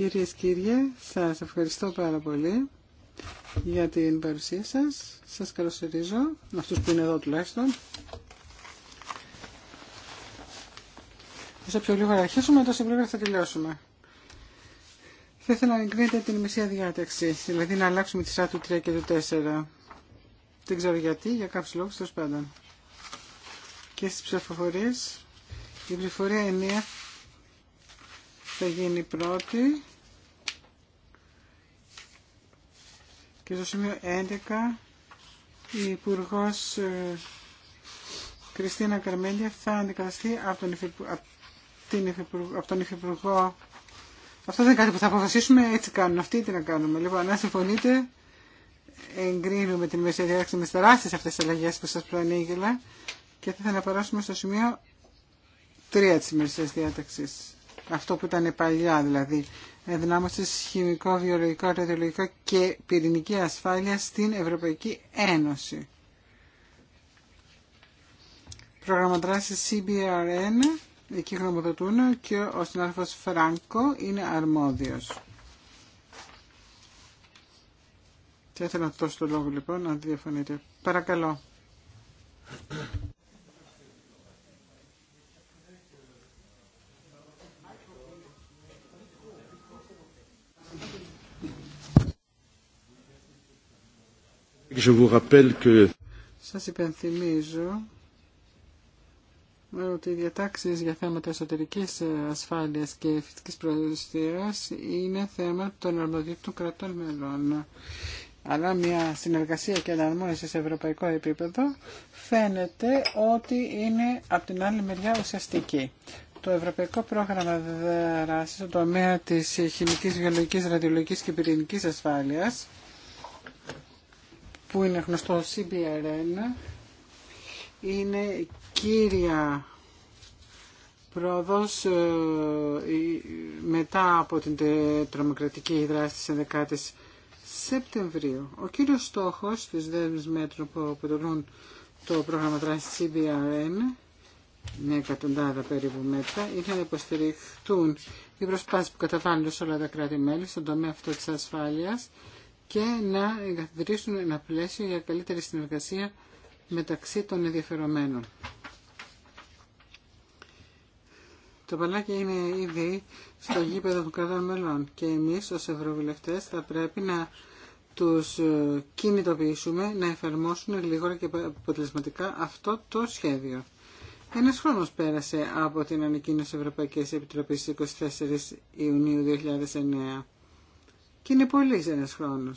Κυρίες, κύριε, σας ευχαριστώ πάρα πολύ για την παρουσία σας. Σας καλωσορίζω, αυτούς που είναι εδώ τουλάχιστον. σε πιο γρήγορα αρχίσουμε, τόσο λίγο θα τελειώσουμε. Θα ήθελα να εγκρίνετε την μισή διάταξη, δηλαδή να αλλάξουμε τη σειρά του 3 και του 4. Δεν ξέρω γιατί, για κάποιους λόγους, τέλος πάντων. Και στις ψηφοφορίες, η ψηφοφορία 9 θα γίνει πρώτη Και στο σημείο 11 η Υπουργό ε, Κριστίνα Καρμέλια θα αντικαταστεί από τον, Υφυπουργό, από τον Υφυπουργό. Αυτό δεν είναι κάτι που θα αποφασίσουμε, έτσι κάνουν αυτή τι να κάνουμε. Λοιπόν, αν συμφωνείτε, εγκρίνουμε την μεσαία διάταξη με τεράστιε αυτέ τι αλλαγέ που σα προανήγγειλα και θα αναπαράσουμε στο σημείο 3 τη μεσαία διάταξη αυτό που ήταν παλιά δηλαδή. Ενδυνάμωση χημικό, βιολογικό, ρεδιολογικό και πυρηνική ασφάλεια στην Ευρωπαϊκή Ένωση. Πρόγραμμα CBRN, εκεί γνωμοδοτούν και ο συνάδελφος Φράνκο είναι αρμόδιος. Και ήθελα να δώσω το λόγο λοιπόν, να διαφωνείτε. Παρακαλώ. Je Σας υπενθυμίζω ότι οι διατάξει για θέματα εσωτερική ε, ασφάλεια και φυσική προστασία είναι θέμα των αρμοδιότητων κρατών μελών. Αλλά μια συνεργασία και εναρμόνιση σε ευρωπαϊκό επίπεδο φαίνεται ότι είναι από την άλλη μεριά ουσιαστική. Το Ευρωπαϊκό Πρόγραμμα Δράση στον τομέα τη χημική, βιολογική, ραδιολογική και πυρηνική ασφάλεια που είναι γνωστό CBRN είναι κύρια πρόοδος ε, μετά από την τρομοκρατική δράση της 11 Σεπτεμβρίου. Ο κύριος στόχος της δέσμης μέτρων που αποτελούν το πρόγραμμα δράσης CBRN μια εκατοντάδα περίπου μέτρα, είναι να υποστηριχτούν οι προσπάσεις που καταβάλλονται σε όλα τα κράτη-μέλη στον τομέα αυτό της ασφάλειας και να εγκαθιδρύσουν ένα πλαίσιο για καλύτερη συνεργασία μεταξύ των ενδιαφερομένων. Το παλάκι είναι ήδη στο γήπεδο των κρατών μελών και εμείς ως ευρωβουλευτές θα πρέπει να τους ε, κινητοποιήσουμε να εφαρμόσουν γλίγορα και αποτελεσματικά αυτό το σχέδιο. Ένας χρόνος πέρασε από την ανακοίνωση Ευρωπαϊκής Επιτροπής 24 Ιουνίου 2009 και είναι πολύ ένα χρόνο.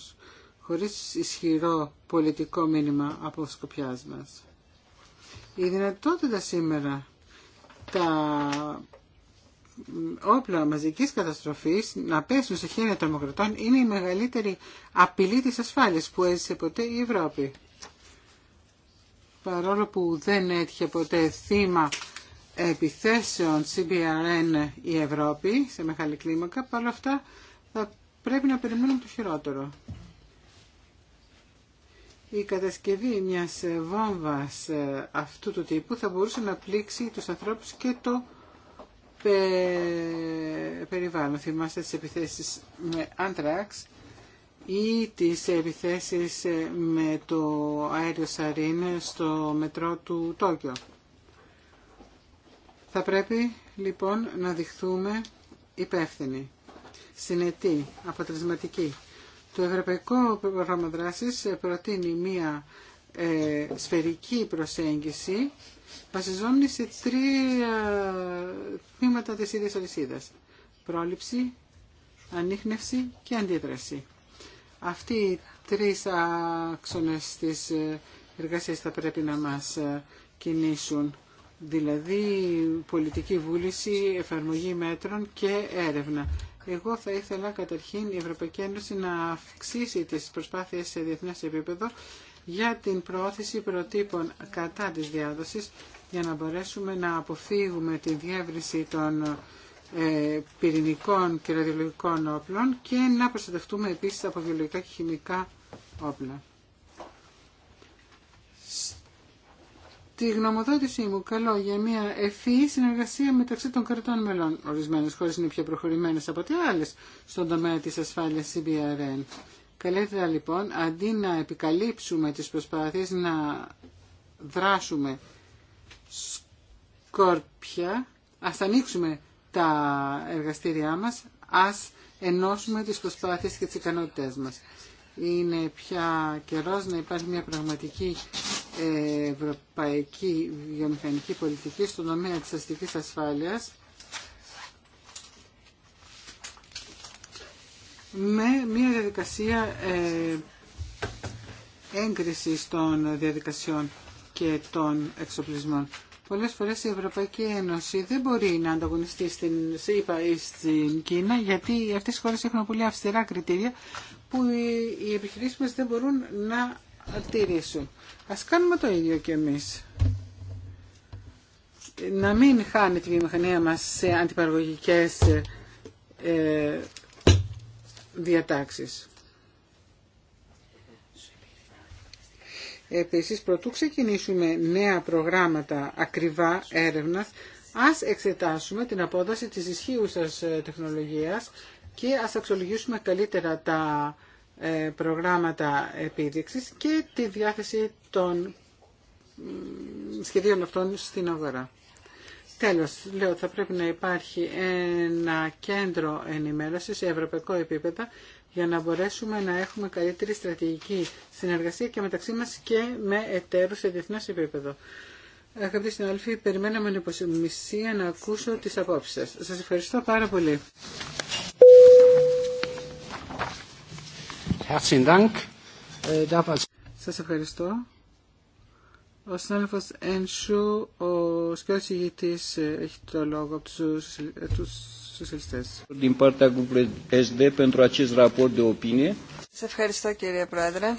χωρίς ισχυρό πολιτικό μήνυμα από σκοπιά μα. Η δυνατότητα σήμερα τα όπλα μαζικής καταστροφής να πέσουν σε χέρια των δημοκρατών είναι η μεγαλύτερη απειλή της ασφάλειας που έζησε ποτέ η Ευρώπη. Παρόλο που δεν έτυχε ποτέ θύμα επιθέσεων CBRN η Ευρώπη σε μεγάλη κλίμακα, παρόλα αυτά πρέπει να περιμένουμε το χειρότερο. Η κατασκευή μιας βόμβας ε, αυτού του τύπου θα μπορούσε να πλήξει τους ανθρώπους και το περιβάλλον. Θυμάστε τις επιθέσεις με άντραξ ή τις επιθέσεις ε, με το αέριο Σαρίν στο μετρό του Τόκιο. Θα πρέπει λοιπόν να δειχθούμε υπεύθυνοι συνετή, αποτελεσματική. Το Ευρωπαϊκό Πρόγραμμα Δράσης προτείνει μία ε, σφαιρική προσέγγιση βασιζόμενη σε τρία τμήματα της ίδιας αλυσίδας. Πρόληψη, ανείχνευση και αντίδραση. Αυτοί οι τρεις άξονες της ε, εργασίας θα πρέπει να μας ε, κινήσουν. Δηλαδή πολιτική βούληση, εφαρμογή μέτρων και έρευνα. Εγώ θα ήθελα καταρχήν η Ευρωπαϊκή Ένωση να αυξήσει τις προσπάθειες σε διεθνές επίπεδο για την προώθηση προτύπων κατά της διάδοσης για να μπορέσουμε να αποφύγουμε τη διεύρυνση των ε, πυρηνικών και ραδιολογικών όπλων και να προστατευτούμε επίσης από βιολογικά και χημικά όπλα. στη γνωμοδότησή μου καλό για μια ευφυή συνεργασία μεταξύ των κρατών μελών. Ορισμένε χώρε είναι πιο προχωρημένε από τι άλλε στον τομέα τη ασφάλεια CBRN. Καλύτερα λοιπόν, αντί να επικαλύψουμε τις προσπάθειε να δράσουμε σκόρπια, ας ανοίξουμε τα εργαστήριά μας, ας ενώσουμε τις προσπάθειες και τις ικανότητές μας. Είναι πια καιρός να υπάρχει μια πραγματική ευρωπαϊκή βιομηχανική πολιτική στον τομέα της αστικής ασφάλειας με μια διαδικασία ε, έγκρισης των διαδικασιών και των εξοπλισμών. Πολλές φορές η Ευρωπαϊκή Ένωση δεν μπορεί να ανταγωνιστεί στην ΣΥΠΑ στην Κίνα γιατί αυτές οι χώρες έχουν πολύ αυστηρά κριτήρια που οι επιχειρήσεις μας δεν μπορούν να σου. Ας κάνουμε το ίδιο κι εμείς. Να μην χάνει τη βιομηχανία μας σε αντιπαραγωγικές ε, διατάξεις. Επίσης, προτού ξεκινήσουμε νέα προγράμματα ακριβά έρευνας, ας εξετάσουμε την απόδοση της ισχύουσας ε, τεχνολογίας και ας αξιολογήσουμε καλύτερα τα ε, προγράμματα επίδειξης και τη διάθεση των σχεδίων αυτών στην αγορά. Τέλος, λέω, ότι θα πρέπει να υπάρχει ένα κέντρο ενημέρωσης σε ευρωπαϊκό επίπεδο για να μπορέσουμε να έχουμε καλύτερη στρατηγική συνεργασία και μεταξύ μας και με εταίρους σε διεθνές επίπεδο. Αγαπητοί συναδελφοί, περιμένω με υποσημισία να ακούσω τις απόψεις σας. Σας ευχαριστώ πάρα πολύ. Äh, Σα ευχαριστώ. Ο συνάδελφος Ένσου, ο σκιός ηγητής, ε, έχει το λόγο από τους, Σοσιαλιστέ. Ε, σοσιαλιστές. Σας ευχαριστώ κύριε Πρόεδρε.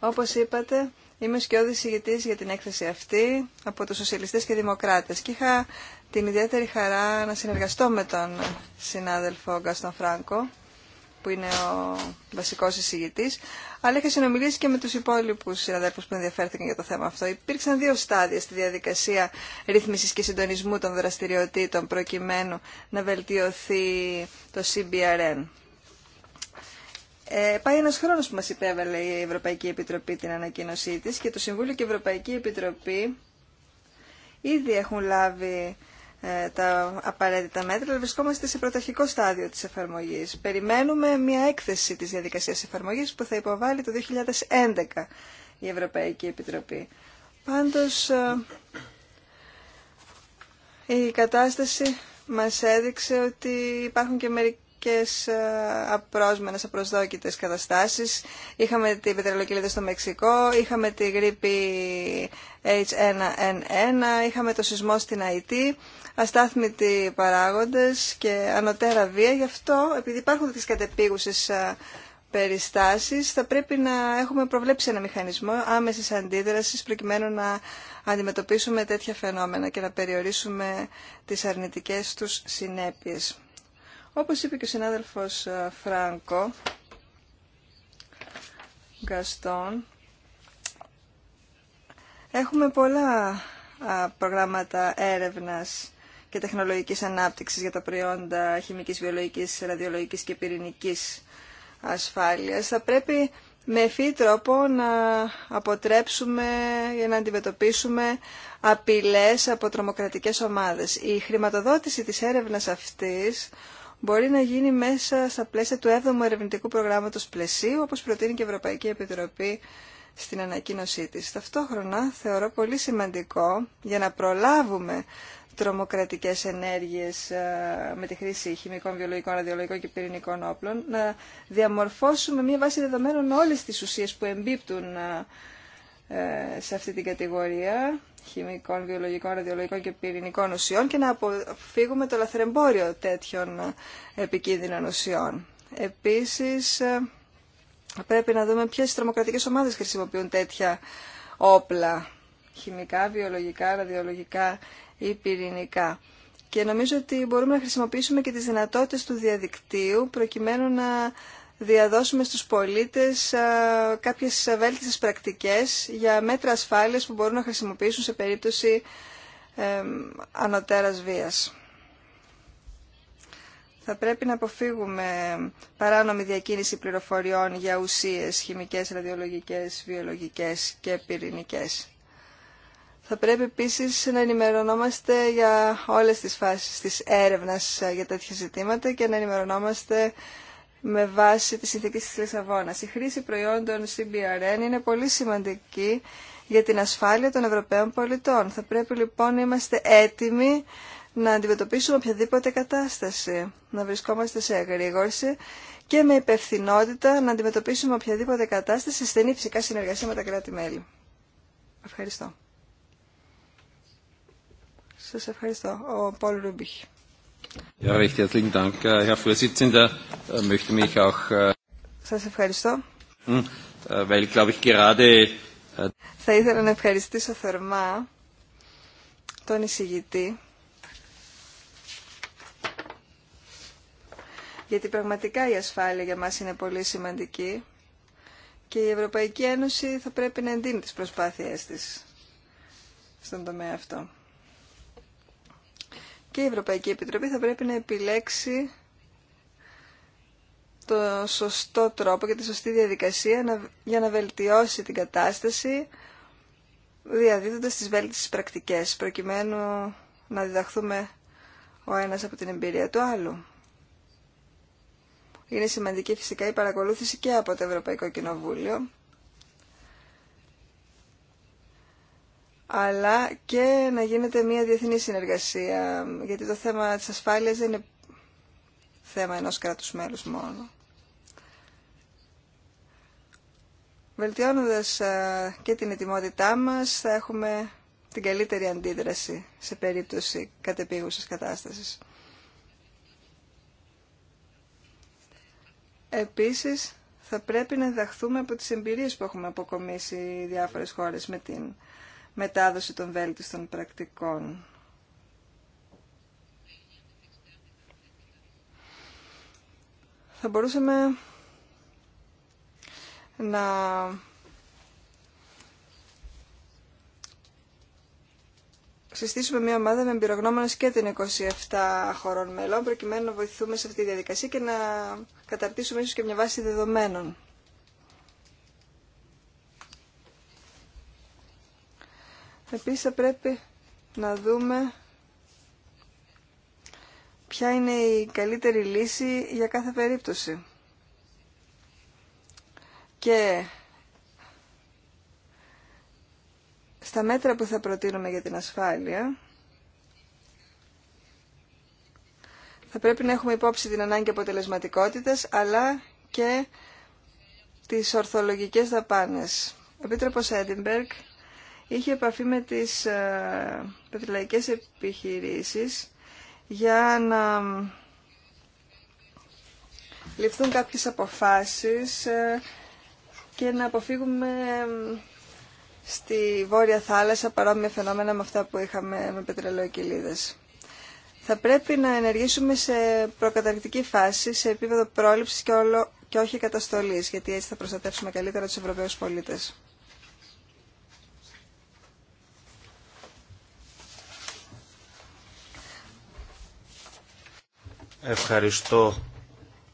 Όπω είπατε, είμαι σκιώδη ηγητής για την έκθεση αυτή από του Σοσιαλιστέ και δημοκράτε. και είχα την ιδιαίτερη χαρά να συνεργαστώ με τον συνάδελφο Γκάστον Φράγκο που είναι ο βασικός εισηγητής, αλλά είχα συνομιλήσει και με τους υπόλοιπους συναδέλφους που ενδιαφέρθηκαν για το θέμα αυτό. Υπήρξαν δύο στάδια στη διαδικασία ρύθμισης και συντονισμού των δραστηριοτήτων προκειμένου να βελτιωθεί το CBRN. Ε, πάει ένας χρόνος που μας υπέβαλε η Ευρωπαϊκή Επιτροπή την ανακοίνωσή της και το Συμβούλιο και η Ευρωπαϊκή Επιτροπή ήδη έχουν λάβει ε, τα απαραίτητα μέτρα, αλλά βρισκόμαστε σε πρωταρχικό στάδιο της εφαρμογής. Περιμένουμε μια έκθεση της διαδικασίας εφαρμογής που θα υποβάλει το 2011 η Ευρωπαϊκή Επιτροπή. Πάντως, ε, η κατάσταση μας έδειξε ότι υπάρχουν και μερικοί κάποιες ε, απρόσμενες, απροσδόκητες καταστάσεις. Είχαμε την πετρελοκυλίδα στο Μεξικό, είχαμε τη γρήπη H1N1, είχαμε το σεισμό στην Αϊτή, αστάθμητοι παράγοντες και ανωτέρα βία. Γι' αυτό, επειδή υπάρχουν τις κατεπίγουσες ε, περιστάσεις, θα πρέπει να έχουμε προβλέψει ένα μηχανισμό άμεσης αντίδρασης προκειμένου να αντιμετωπίσουμε τέτοια φαινόμενα και να περιορίσουμε τις αρνητικές τους συνέπειες. Όπως είπε και ο συνάδελφος ε, Φράνκο Γκαστόν, έχουμε πολλά προγράμματα έρευνας και τεχνολογικής ανάπτυξης για τα προϊόντα χημικής, βιολογικής, ραδιολογικής και πυρηνικής ασφάλειας. Θα πρέπει με ευφύ τρόπο να αποτρέψουμε για να αντιμετωπίσουμε απειλές από τρομοκρατικές ομάδες. Η χρηματοδότηση της έρευνας αυτής μπορεί να γίνει μέσα στα πλαίσια του 7ου ερευνητικού προγράμματος πλαισίου, όπως προτείνει και η Ευρωπαϊκή Επιτροπή στην ανακοίνωσή της. Ταυτόχρονα θεωρώ πολύ σημαντικό για να προλάβουμε τρομοκρατικές ενέργειες ε, με τη χρήση χημικών, βιολογικών, ραδιολογικών και πυρηνικών όπλων, να διαμορφώσουμε μια βάση δεδομένων όλες τις ουσίες που εμπίπτουν ε, ε, σε αυτή την κατηγορία χημικών, βιολογικών, ραδιολογικών και πυρηνικών ουσιών και να αποφύγουμε το λαθρεμπόριο τέτοιων ε, επικίνδυνων ουσιών. Επίσης, ε, πρέπει να δούμε ποιες τρομοκρατικές ομάδες χρησιμοποιούν τέτοια όπλα, χημικά, βιολογικά, ραδιολογικά ή πυρηνικά. Και νομίζω ότι μπορούμε να χρησιμοποιήσουμε και τις δυνατότητες του διαδικτύου προκειμένου να διαδώσουμε στους πολίτες κάποιες βέλτιστες πρακτικές για μέτρα ασφάλειας που μπορούν να χρησιμοποιήσουν σε περίπτωση ανωτέρας βίας. Θα πρέπει να αποφύγουμε παράνομη διακίνηση πληροφοριών για ουσίες χημικές, ραδιολογικές, βιολογικές και πυρηνικές. Θα πρέπει επίσης να ενημερωνόμαστε για όλες τις φάσεις της έρευνας ε, για τέτοια ζητήματα και να ενημερωνόμαστε με βάση τη συνθήκη της Λισαβόνα. Η χρήση προϊόντων CBRN είναι πολύ σημαντική για την ασφάλεια των Ευρωπαίων πολιτών. Θα πρέπει λοιπόν να είμαστε έτοιμοι να αντιμετωπίσουμε οποιαδήποτε κατάσταση, να βρισκόμαστε σε εγρήγορση και με υπευθυνότητα να αντιμετωπίσουμε οποιαδήποτε κατάσταση σε στενή φυσικά συνεργασία με τα κράτη-μέλη. Ευχαριστώ. Σας ευχαριστώ. Ο Πολ Ρούμπιχ. Σας ευχαριστώ. Hm, äh, äh, θα ήθελα να ευχαριστήσω θερμά τον εισηγητή γιατί πραγματικά η ασφάλεια για μας είναι πολύ σημαντική και η Ευρωπαϊκή Ένωση θα πρέπει να εντείνει τις προσπάθειές της στον τομέα αυτό και η Ευρωπαϊκή Επιτροπή θα πρέπει να επιλέξει το σωστό τρόπο και τη σωστή διαδικασία για να βελτιώσει την κατάσταση διαδίδοντας τις βέλτιστες πρακτικές προκειμένου να διδαχθούμε ο ένας από την εμπειρία του άλλου. Είναι σημαντική φυσικά η παρακολούθηση και από το Ευρωπαϊκό Κοινοβούλιο αλλά και να γίνεται μια διεθνή συνεργασία, γιατί το θέμα της ασφάλειας δεν είναι θέμα ενός κράτους μέλους μόνο. Βελτιώνοντας ε, και την ετοιμότητά μας, θα έχουμε την καλύτερη αντίδραση σε περίπτωση κατεπίγουσας κατάστασης. Επίσης, θα πρέπει να διδαχθούμε από τις εμπειρίες που έχουμε αποκομίσει οι διάφορες χώρες με την μετάδοση των βέλτιστων πρακτικών. Θα μπορούσαμε να συστήσουμε μια ομάδα με εμπειρογνώμονες και την 27 χωρών μελών προκειμένου να βοηθούμε σε αυτή τη διαδικασία και να καταρτήσουμε ίσως και μια βάση δεδομένων. Επίσης θα πρέπει να δούμε ποια είναι η καλύτερη λύση για κάθε περίπτωση. Και στα μέτρα που θα προτείνουμε για την ασφάλεια, θα πρέπει να έχουμε υπόψη την ανάγκη αποτελεσματικότητας, αλλά και τις ορθολογικές δαπάνες. Ο Επίτροπος Έντιμπεργκ είχε επαφή με τις ε, πετρελαϊκές επιχειρήσεις για να ληφθούν κάποιες αποφάσεις ε, και να αποφύγουμε στη Βόρεια Θάλασσα παρόμοια φαινόμενα με αυτά που είχαμε με πετρελαιοκυλίδες. Θα πρέπει να ενεργήσουμε σε προκαταρκτική φάση, σε επίπεδο πρόληψης και, και όχι καταστολής, γιατί έτσι θα προστατεύσουμε καλύτερα τους Ευρωπαίους πολίτες. Ευχαριστώ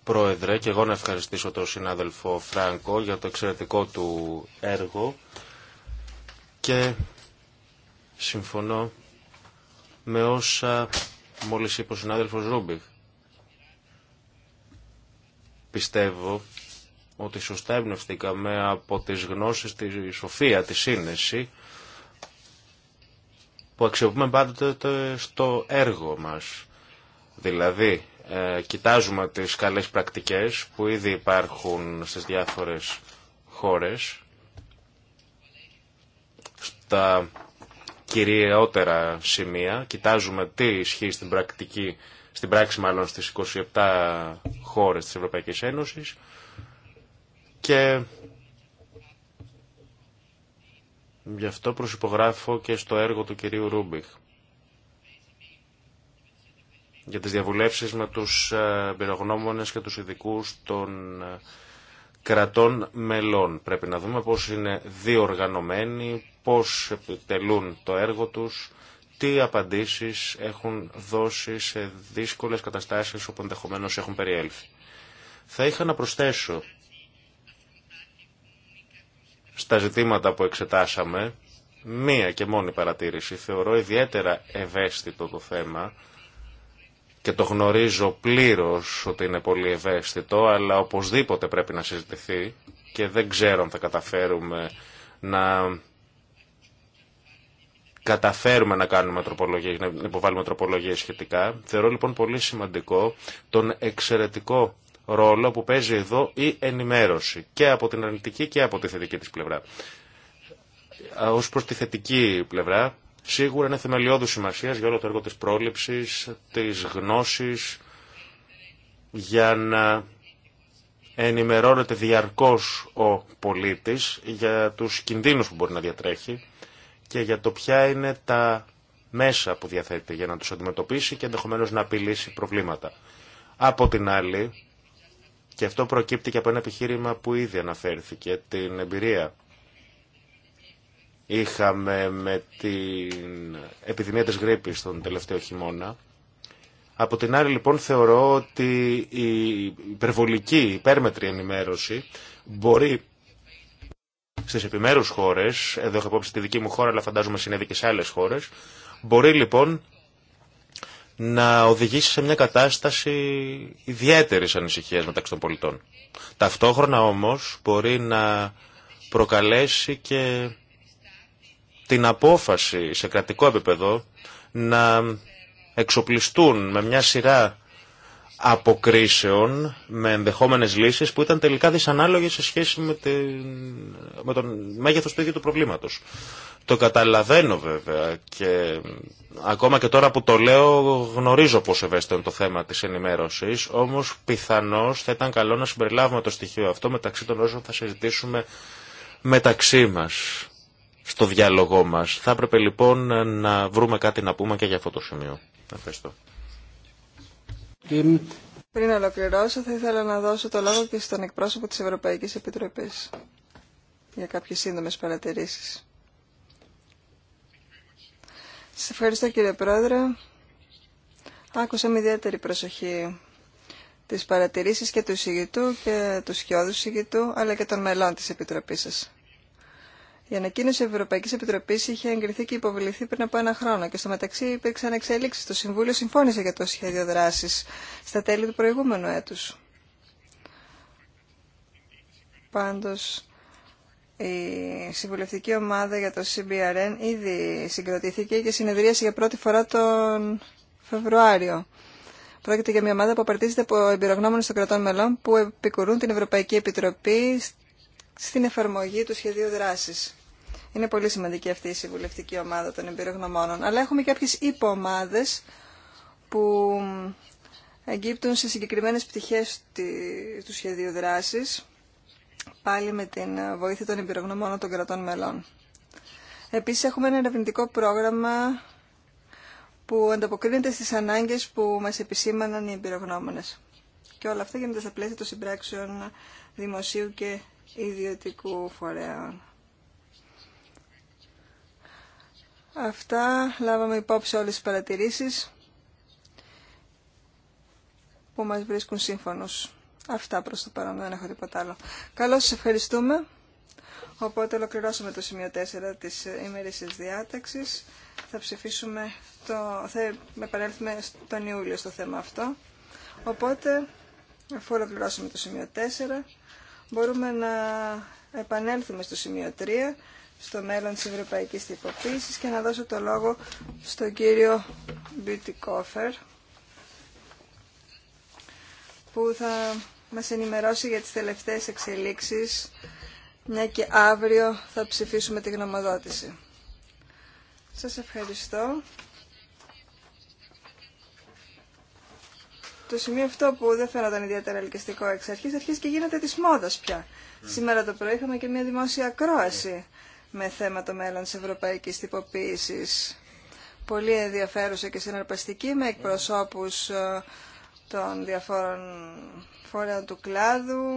Πρόεδρε και εγώ να ευχαριστήσω τον συνάδελφο Φράνκο για το εξαιρετικό του έργο και συμφωνώ με όσα μόλις είπε ο συνάδελφος Ρούμπιχ. Πιστεύω ότι σωστά εμπνευστήκαμε από τις γνώσεις, τη σοφία, τη σύνεση που αξιοποιούμε πάντοτε στο έργο μας. Δηλαδή, ε, κοιτάζουμε τις καλές πρακτικές που ήδη υπάρχουν στις διάφορες χώρες, στα κυριότερα σημεία, κοιτάζουμε τι ισχύει στην πρακτική, στην πράξη μάλλον στις 27 χώρες της Ευρωπαϊκής Ένωσης και γι' αυτό προσυπογράφω και στο έργο του κυρίου Ρούμπιχ για τις διαβουλεύσεις με τους ε, πυρογνώμονες και τους ειδικού των ε, κρατών μελών. Πρέπει να δούμε πώς είναι διοργανωμένοι, πώς επιτελούν το έργο τους, τι απαντήσεις έχουν δώσει σε δύσκολες καταστάσεις όπου ενδεχομένω έχουν περιέλθει. Θα είχα να προσθέσω στα ζητήματα που εξετάσαμε μία και μόνη παρατήρηση. Θεωρώ ιδιαίτερα ευαίσθητο το θέμα και το γνωρίζω πλήρως ότι είναι πολύ ευαίσθητο, αλλά οπωσδήποτε πρέπει να συζητηθεί και δεν ξέρω αν θα καταφέρουμε να καταφέρουμε να κάνουμε τροπολογίες, να υποβάλουμε τροπολογίες σχετικά. Θεωρώ λοιπόν πολύ σημαντικό τον εξαιρετικό ρόλο που παίζει εδώ η ενημέρωση και από την αρνητική και από τη θετική της πλευρά. Ως προς τη θετική πλευρά σίγουρα είναι θεμελιώδου σημασία για όλο το έργο της πρόληψης, της γνώσης, για να ενημερώνεται διαρκώς ο πολίτης για τους κινδύνους που μπορεί να διατρέχει και για το ποια είναι τα μέσα που διαθέτει για να τους αντιμετωπίσει και ενδεχομένως να απειλήσει προβλήματα. Από την άλλη, και αυτό προκύπτει και από ένα επιχείρημα που ήδη αναφέρθηκε, την εμπειρία είχαμε με την επιδημία της γρήπης τον τελευταίο χειμώνα. Από την άλλη λοιπόν θεωρώ ότι η υπερβολική, υπέρμετρη ενημέρωση μπορεί στις επιμέρους χώρες, εδώ έχω απόψη τη δική μου χώρα αλλά φαντάζομαι συνέβη και σε άλλες χώρες, μπορεί λοιπόν να οδηγήσει σε μια κατάσταση ιδιαίτερης ανησυχίας μεταξύ των πολιτών. Ταυτόχρονα όμως μπορεί να προκαλέσει και την απόφαση σε κρατικό επίπεδο να εξοπλιστούν με μια σειρά αποκρίσεων με ενδεχόμενες λύσεις που ήταν τελικά δυσανάλογες σε σχέση με, την... με τον μέγεθος του ίδιου του προβλήματος. Το καταλαβαίνω βέβαια και ακόμα και τώρα που το λέω γνωρίζω πως ευαίσθητο είναι το θέμα της ενημέρωσης, όμως πιθανώς θα ήταν καλό να συμπεριλάβουμε το στοιχείο αυτό μεταξύ των όσων θα συζητήσουμε μεταξύ μας στο διάλογό μας. Θα έπρεπε λοιπόν να βρούμε κάτι να πούμε και για αυτό το σημείο. Ευχαριστώ. Πριν ολοκληρώσω, θα ήθελα να δώσω το λόγο και στον εκπρόσωπο της Ευρωπαϊκής Επιτροπής για κάποιες σύντομες παρατηρήσεις. Σας ευχαριστώ κύριε Πρόεδρε. Άκουσα με ιδιαίτερη προσοχή τις παρατηρήσεις και του Συγητού και του σκιώδου Συγητού, αλλά και των μελών της Επιτροπής σας. Η ανακοίνωση Ευρωπαϊκή Επιτροπή είχε εγκριθεί και υποβληθεί πριν από ένα χρόνο και στο μεταξύ υπήρξαν εξέλιξει. Το Συμβούλιο συμφώνησε για το σχέδιο δράση στα τέλη του προηγούμενου έτου. Πάντω, η συμβουλευτική ομάδα για το CBRN ήδη συγκροτήθηκε και συνεδρίασε για πρώτη φορά τον Φεβρουάριο. Πρόκειται για μια ομάδα που απαρτίζεται από εμπειρογνώμονε των κρατών μελών που επικουρούν την Ευρωπαϊκή Επιτροπή στην εφαρμογή του σχεδίου δράσης. Είναι πολύ σημαντική αυτή η συμβουλευτική ομάδα των εμπειρογνωμόνων. Αλλά έχουμε κάποιες υποομάδες που εγκύπτουν σε συγκεκριμένες πτυχές του σχεδίου δράσης, πάλι με την βοήθεια των εμπειρογνωμόνων των κρατών μελών. Επίσης έχουμε ένα ερευνητικό πρόγραμμα που ανταποκρίνεται στις ανάγκες που μας επισήμαναν οι εμπειρογνώμονες. Και όλα αυτά γίνονται στα πλαίσια των συμπράξεων δημοσίου και ιδιωτικού φορέων. Αυτά λάβαμε υπόψη όλες τις παρατηρήσεις που μας βρίσκουν σύμφωνος. Αυτά προς το παρόν, δεν έχω τίποτα άλλο. Καλώς σας ευχαριστούμε. Οπότε ολοκληρώσαμε το σημείο 4 της ημερήσιας διάταξης. Θα ψηφίσουμε, το... θα επανέλθουμε τον Ιούλιο στο θέμα αυτό. Οπότε, αφού ολοκληρώσουμε το σημείο 4, μπορούμε να επανέλθουμε στο σημείο 3 στο μέλλον της ευρωπαϊκής τυποποίησης και να δώσω το λόγο στον κύριο Κόφερ που θα μας ενημερώσει για τις τελευταίες εξελίξεις μια και αύριο θα ψηφίσουμε τη γνωμοδότηση. Σας ευχαριστώ. Το σημείο αυτό που δεν φαίνονταν ιδιαίτερα ελκυστικό εξ αρχής, αρχίζει και γίνεται της μόδας πια. Σήμερα το πρωί είχαμε και μια δημόσια ακρόαση με θέμα το μέλλον της ευρωπαϊκής τυποποίησης. Πολύ ενδιαφέρουσα και συναρπαστική με εκπροσώπους ε, των διαφόρων φορέων του κλάδου,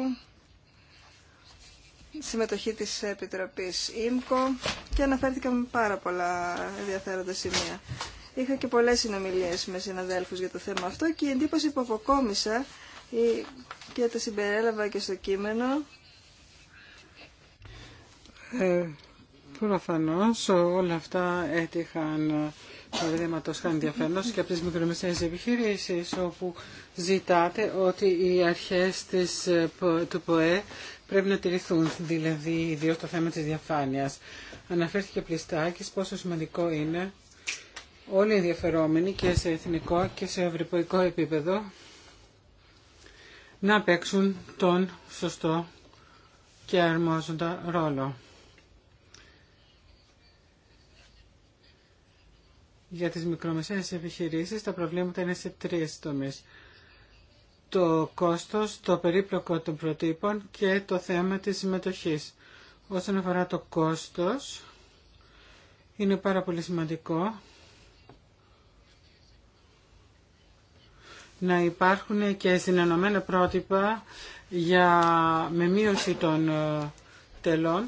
συμμετοχή της Επιτροπής ΙΜΚΟ και αναφέρθηκα με πάρα πολλά ενδιαφέροντα σημεία. Είχα και πολλές συνομιλίες με συναδέλφους για το θέμα αυτό και η εντύπωση που αποκόμισα και τα συμπερέλαβα και στο κείμενο ε, Προφανώς όλα αυτά έτυχαν χάνει ενδιαφέροντος και από τις μικρομεσαίες επιχειρήσεις όπου ζητάτε ότι οι αρχές της, του ΠΟΕ πρέπει να τηρηθούν, δηλαδή ιδίω το θέμα της διαφάνειας. Αναφέρθηκε πλειστάκης πόσο σημαντικό είναι όλοι οι ενδιαφερόμενοι και σε εθνικό και σε ευρωπαϊκό επίπεδο να παίξουν τον σωστό και αρμόζοντα ρόλο. για τις μικρομεσαίες επιχειρήσεις τα προβλήματα είναι σε τρεις τομείς. Το κόστος, το περίπλοκο των προτύπων και το θέμα της συμμετοχής. Όσον αφορά το κόστος, είναι πάρα πολύ σημαντικό να υπάρχουν και συνενωμένα πρότυπα για, με μείωση των ε, τελών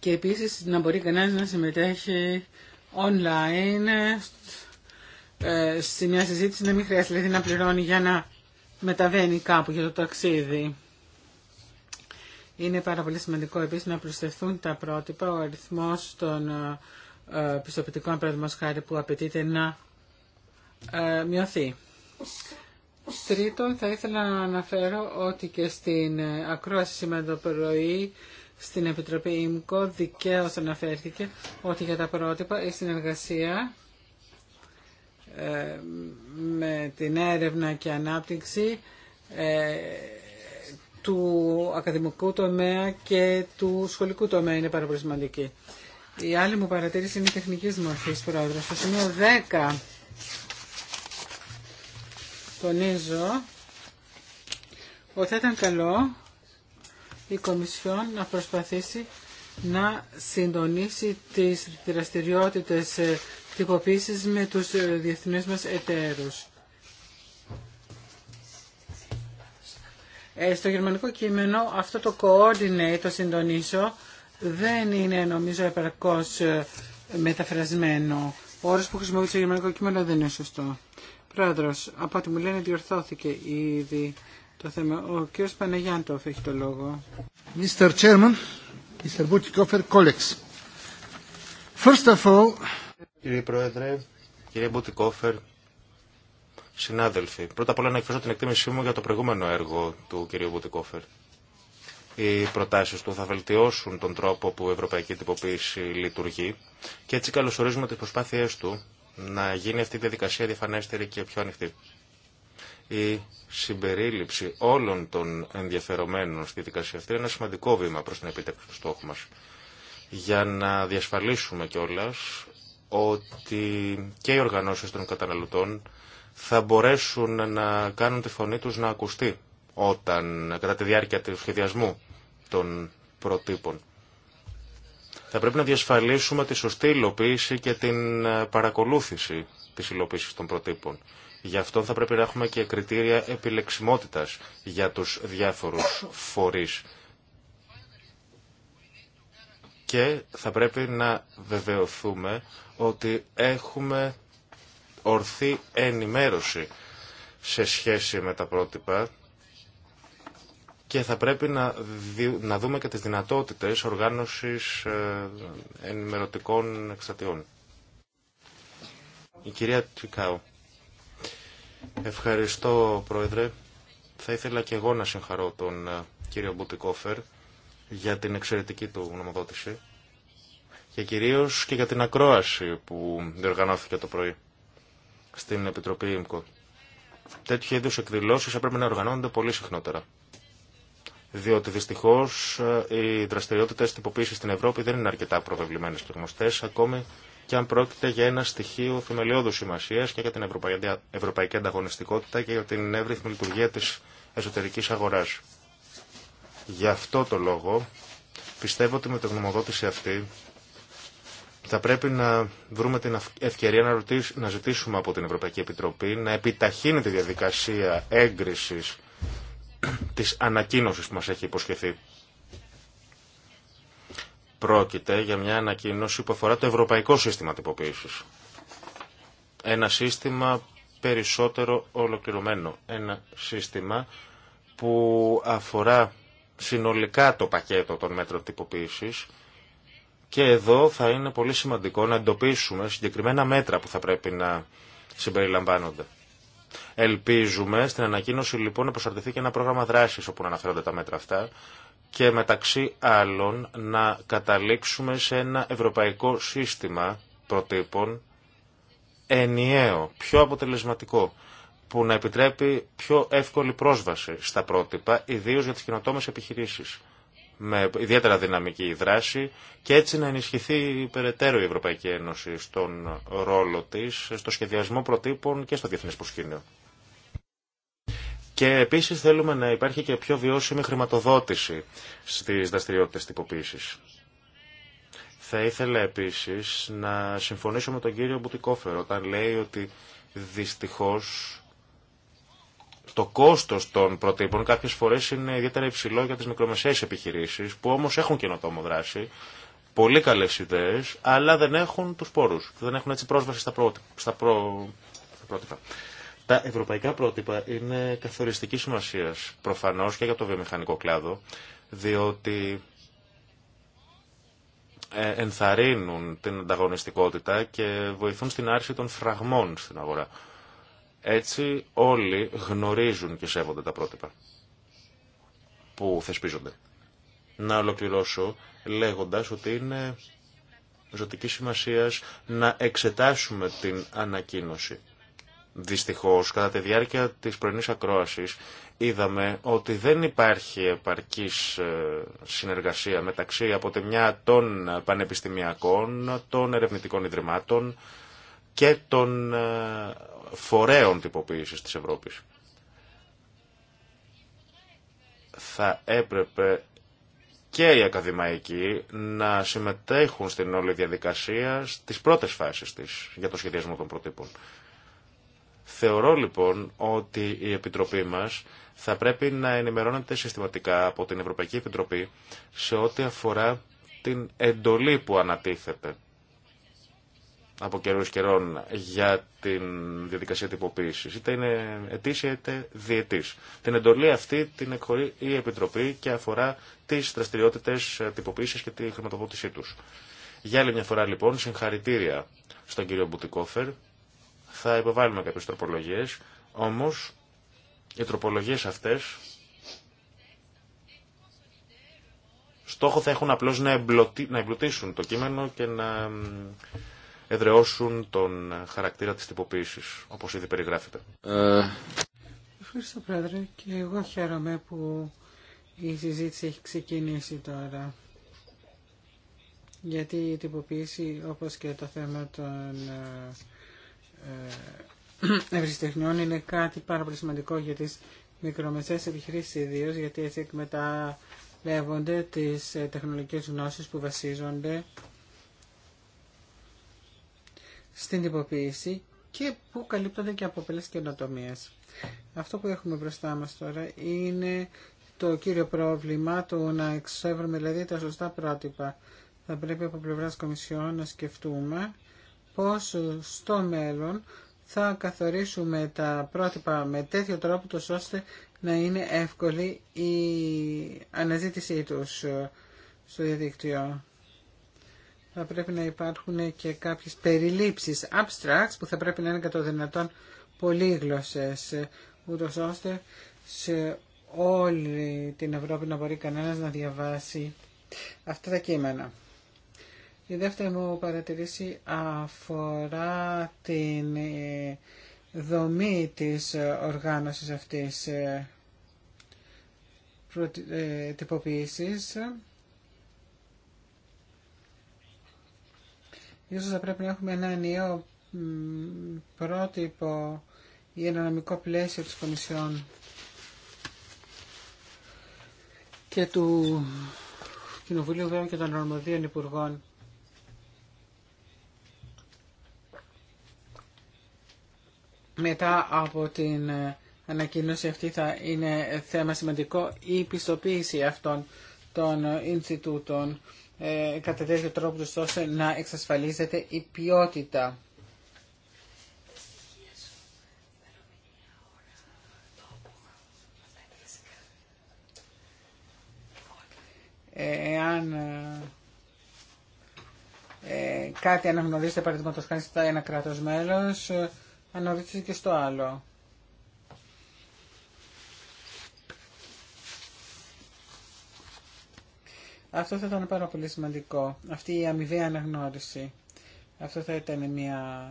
και επίσης να μπορεί κανένας να συμμετέχει online ε, σε μια συζήτηση να μην χρειάζεται δηλαδή, να πληρώνει για να μεταβαίνει κάπου για το ταξίδι. Είναι πάρα πολύ σημαντικό επίσης να προσθεθούν τα πρότυπα, ο αριθμός των ε, ε πιστοποιητικών παραδείγματος χάρη που απαιτείται να ε, μειωθεί. Τρίτον, θα ήθελα να αναφέρω ότι και στην ε, ακρόαση σήμερα το πρωί στην Επιτροπή ΙΜΚΟ δικαίως αναφέρθηκε ότι για τα πρότυπα η συνεργασία ε, με την έρευνα και ανάπτυξη ε, του ακαδημικού τομέα και του σχολικού τομέα είναι πάρα πολύ σημαντική. Η άλλη μου παρατήρηση είναι τεχνικής μορφής, πρόεδρος. Στο σημείο 10 τονίζω ότι θα ήταν καλό η Κομισιόν να προσπαθήσει να συντονίσει τις δραστηριότητες ε, τυποποίησης με τους ε, διεθνείς μας εταίρους. Ε, στο γερμανικό κείμενο αυτό το coordinate, το συντονίσω, δεν είναι νομίζω επαρκώς μεταφρασμένο. Ο όρος που χρησιμοποιείται στο γερμανικό κείμενο δεν είναι σωστό. Πρόεδρος, από ό,τι μου λένε διορθώθηκε ήδη το θέμα. Ο κ. Πανεγιάντοφ έχει το λόγο. Κύριε Πρόεδρε, κύριε Μπουτικόφερ, συνάδελφοι, πρώτα απ' όλα να εκφράσω την εκτίμησή μου για το προηγούμενο έργο του κυρίου Μπουτικόφερ. Οι προτάσει του θα βελτιώσουν τον τρόπο που η ευρωπαϊκή τυποποίηση λειτουργεί και έτσι καλωσορίζουμε τι προσπάθειέ του να γίνει αυτή η διαδικασία διαφανέστερη και πιο ανοιχτή η συμπερίληψη όλων των ενδιαφερομένων στη δικασία αυτή είναι ένα σημαντικό βήμα προς την επίτευξη του στόχου μας. Για να διασφαλίσουμε κιόλα ότι και οι οργανώσεις των καταναλωτών θα μπορέσουν να κάνουν τη φωνή τους να ακουστεί όταν, κατά τη διάρκεια του σχεδιασμού των προτύπων. Θα πρέπει να διασφαλίσουμε τη σωστή υλοποίηση και την παρακολούθηση της υλοποίησης των προτύπων. Γι' αυτό θα πρέπει να έχουμε και κριτήρια επιλεξιμότητας για τους διάφορους φορείς. Και θα πρέπει να βεβαιωθούμε ότι έχουμε ορθή ενημέρωση σε σχέση με τα πρότυπα και θα πρέπει να, να δούμε και τις δυνατότητες οργάνωσης ε, ενημερωτικών εξατιών. Η κυρία Τσικάου. Ευχαριστώ, Πρόεδρε. Θα ήθελα και εγώ να συγχαρώ τον ε, κύριο Μπουτικόφερ για την εξαιρετική του γνωμοδότηση και κυρίως και για την ακρόαση που διοργανώθηκε το πρωί στην Επιτροπή ΙΜΚΟ. Τέτοιου είδου εκδηλώσεις έπρεπε να οργανώνονται πολύ συχνότερα. Διότι δυστυχώς ε, οι δραστηριότητες τυποποίησης στην Ευρώπη δεν είναι αρκετά προβεβλημένες και γνωστές, ακόμη και αν πρόκειται για ένα στοιχείο θεμελιώδου σημασία και για την ευρωπαϊκή ανταγωνιστικότητα και για την εύρυθμη λειτουργία τη εσωτερική αγορά. Γι' αυτό το λόγο πιστεύω ότι με την γνωμοδότηση αυτή θα πρέπει να βρούμε την ευκαιρία να, ρωτήσουμε, να ζητήσουμε από την Ευρωπαϊκή Επιτροπή να επιταχύνει τη διαδικασία έγκρισης της ανακοίνωσης που μας έχει υποσχεθεί. Πρόκειται για μια ανακοίνωση που αφορά το ευρωπαϊκό σύστημα τυποποίησης. Ένα σύστημα περισσότερο ολοκληρωμένο. Ένα σύστημα που αφορά συνολικά το πακέτο των μέτρων τυποποίησης και εδώ θα είναι πολύ σημαντικό να εντοπίσουμε συγκεκριμένα μέτρα που θα πρέπει να συμπεριλαμβάνονται. Ελπίζουμε στην ανακοίνωση λοιπόν να προσαρτηθεί και ένα πρόγραμμα δράσης όπου να αναφέρονται τα μέτρα αυτά και μεταξύ άλλων να καταλήξουμε σε ένα ευρωπαϊκό σύστημα προτύπων ενιαίο, πιο αποτελεσματικό, που να επιτρέπει πιο εύκολη πρόσβαση στα πρότυπα, ιδίως για τις κοινοτόμες επιχειρήσεις, με ιδιαίτερα δυναμική δράση και έτσι να ενισχυθεί περαιτέρω η Ευρωπαϊκή Ένωση στον ρόλο της, στο σχεδιασμό προτύπων και στο διεθνές προσκήνιο. Και επίσης θέλουμε να υπάρχει και πιο βιώσιμη χρηματοδότηση στις δραστηριότητες τυποποίησης. Θα ήθελα επίσης να συμφωνήσω με τον κύριο Μπουτικόφερ όταν λέει ότι δυστυχώς το κόστος των προτύπων κάποιες φορές είναι ιδιαίτερα υψηλό για τις μικρομεσαίες επιχειρήσεις που όμως έχουν καινοτόμο δράση, πολύ καλές ιδέες, αλλά δεν έχουν τους πόρους, δεν έχουν έτσι πρόσβαση στα, πρότυπα. Τα ευρωπαϊκά πρότυπα είναι καθοριστική σημασία προφανώ και για το βιομηχανικό κλάδο, διότι ε, ενθαρρύνουν την ανταγωνιστικότητα και βοηθούν στην άρση των φραγμών στην αγορά. Έτσι όλοι γνωρίζουν και σέβονται τα πρότυπα που θεσπίζονται. Να ολοκληρώσω λέγοντας ότι είναι ζωτική σημασία να εξετάσουμε την ανακοίνωση Δυστυχώς, κατά τη διάρκεια της πρωινής ακρόασης, είδαμε ότι δεν υπάρχει επαρκής ε, συνεργασία μεταξύ από τη μια των πανεπιστημιακών, των ερευνητικών ιδρυμάτων και των ε, φορέων τυποποίησης της Ευρώπης. Θα έπρεπε και οι ακαδημαϊκοί να συμμετέχουν στην όλη διαδικασία στις πρώτες φάσεις της για το σχεδιασμό των προτύπων. Θεωρώ λοιπόν ότι η Επιτροπή μας θα πρέπει να ενημερώνεται συστηματικά από την Ευρωπαϊκή Επιτροπή σε ό,τι αφορά την εντολή που ανατίθεται από καιρού καιρών για την διαδικασία τυποποίηση, είτε είναι ετήσια είτε διετή. Την εντολή αυτή την εκχωρεί η Επιτροπή και αφορά τι δραστηριότητε τυποποίηση και τη χρηματοδότησή του. Για άλλη μια φορά λοιπόν, συγχαρητήρια στον κύριο Μπουτικόφερ θα υποβάλουμε κάποιες τροπολογίες, όμως οι τροπολογίες αυτές στόχο θα έχουν απλώς να, εμπλωτί, να εμπλουτίσουν το κείμενο και να εδρεώσουν τον χαρακτήρα της τυποποίησης, όπως ήδη περιγράφεται. Ε. Ευχαριστώ Πρόεδρε και εγώ χαίρομαι που η συζήτηση έχει ξεκινήσει τώρα. Γιατί η τυποποίηση όπως και το θέμα των ε, ε, ευρυστεχνιών είναι κάτι πάρα πολύ σημαντικό για τις μικρομεσαίες επιχειρήσεις ιδίως γιατί έτσι εκμεταλλεύονται τις ε, τεχνολογικές γνώσεις που βασίζονται στην τυποποίηση και που καλύπτονται και από πολλές καινοτομίες. Αυτό που έχουμε μπροστά μας τώρα είναι το κύριο πρόβλημα του να εξεύρουμε δηλαδή τα σωστά πρότυπα. Θα πρέπει από πλευράς Κομισιόν να σκεφτούμε πως στο μέλλον θα καθορίσουμε τα πρότυπα με τέτοιο τρόπο τους ώστε να είναι εύκολη η αναζήτησή τους ε, στο διαδίκτυο. Θα πρέπει να υπάρχουν και κάποιες περιλήψεις abstracts που θα πρέπει να είναι κατά δυνατόν πολύγλωσσες, ε, ούτως ώστε σε όλη την Ευρώπη να μπορεί κανένας να διαβάσει αυτά τα κείμενα. Η δεύτερη μου παρατηρήση αφορά την ε, δομή της οργάνωσης αυτής ε, ε, τυποποίησης. Ίσως θα πρέπει να έχουμε ένα ενιαίο πρότυπο ή ένα νομικό πλαίσιο της Κομισιόν και του Κοινοβουλίου Βέβαια και των Ορμοδίων Υπουργών μετά από την ε, ανακοίνωση αυτή θα είναι θέμα σημαντικό η πιστοποίηση αυτών των ε, Ινστιτούτων ε, κατά τέτοιο τρόπο ώστε να εξασφαλίζεται η ποιότητα. εάν ε, κάτι αναγνωρίζεται παραδείγματος χάρη ένα κράτος μέλος, αναρωτηθεί και στο άλλο. Αυτό θα ήταν πάρα πολύ σημαντικό. Αυτή η αμοιβαία αναγνώριση. Αυτό θα ήταν μια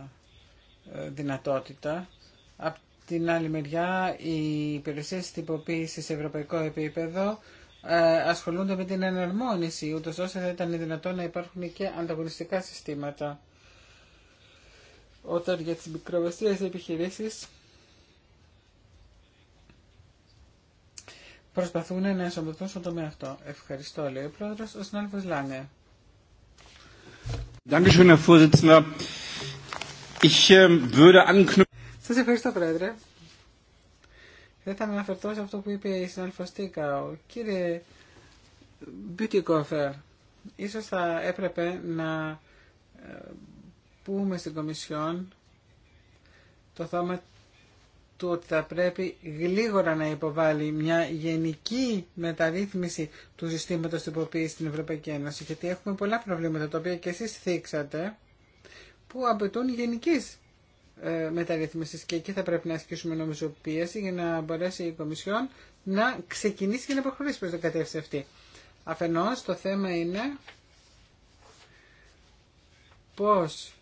ε, δυνατότητα. Απ' την άλλη μεριά, οι υπηρεσίε τυποποίηση σε ευρωπαϊκό επίπεδο ε, ασχολούνται με την εναρμόνιση, ούτως ώστε θα ήταν δυνατόν να υπάρχουν και ανταγωνιστικά συστήματα. Όταν για τις μικρομεσαίες επιχειρήσεις προσπαθούν να ενσωματωθούν στον τομέα αυτό. Ευχαριστώ, λέει ο πρόεδρος, ο συνάδελφος Λάνε. Äh, Σας ευχαριστώ, πρόεδρε. Δεν θα αναφερθώ σε αυτό που είπε η συνάδελφος Τίκαου. Κύριε Μπιουτικόφερ, ίσως θα έπρεπε να ε, πούμε στην Κομισιόν το θέμα του ότι θα πρέπει γλίγορα να υποβάλει μια γενική μεταρρύθμιση του συστήματος τυποποίησης στην Ευρωπαϊκή Ένωση, γιατί έχουμε πολλά προβλήματα τα οποία και εσείς θίξατε, που απαιτούν γενικής ε, μεταρρύθμισης και εκεί θα πρέπει να ασκήσουμε νομισοποίηση για να μπορέσει η Κομισιόν να ξεκινήσει και να προχωρήσει προς την κατεύθυνση αυτή. Αφενός το θέμα είναι πώς